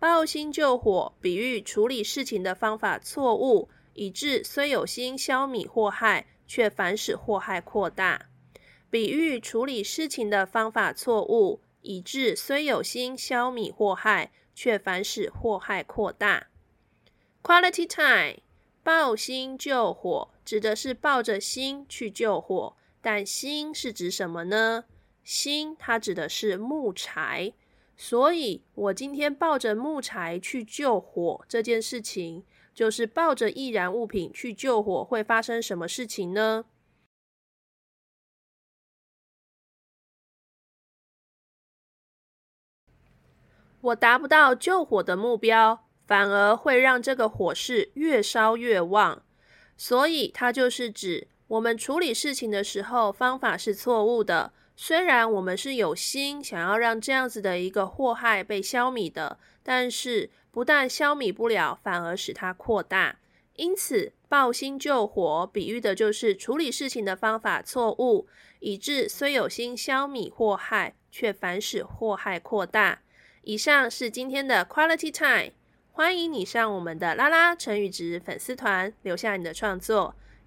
抱薪救火，比喻處理事情的方法錯誤，以致雖有心消弭禍害，卻反使禍害擴大。比喻處理事情的方法錯誤，以致雖有心消弭禍害，卻反使禍害擴大。Quality time，抱薪救火，指的是抱着薪去救火，但薪是指什麼呢？薪它指的是木柴。所以我今天抱着木柴去救火這件事情，就是抱着易燃物品去救火，會發生什麼事情呢？我達不到救火的目標，反而會讓這個火勢越燒越旺。所以它就是指我們處理事情的時候方法是錯誤的。雖然我們是有心想要讓這樣子的一個禍害被消滅的，但是不但消滅不了，反而使它擴大。因此，抱薪救火比喻的就是處理事情的方法錯誤，以致雖有心消滅禍害，卻反使禍害擴大。以上是今天的 Quality Time，歡迎你上我們的拉拉成語質粉絲團留下你的創作。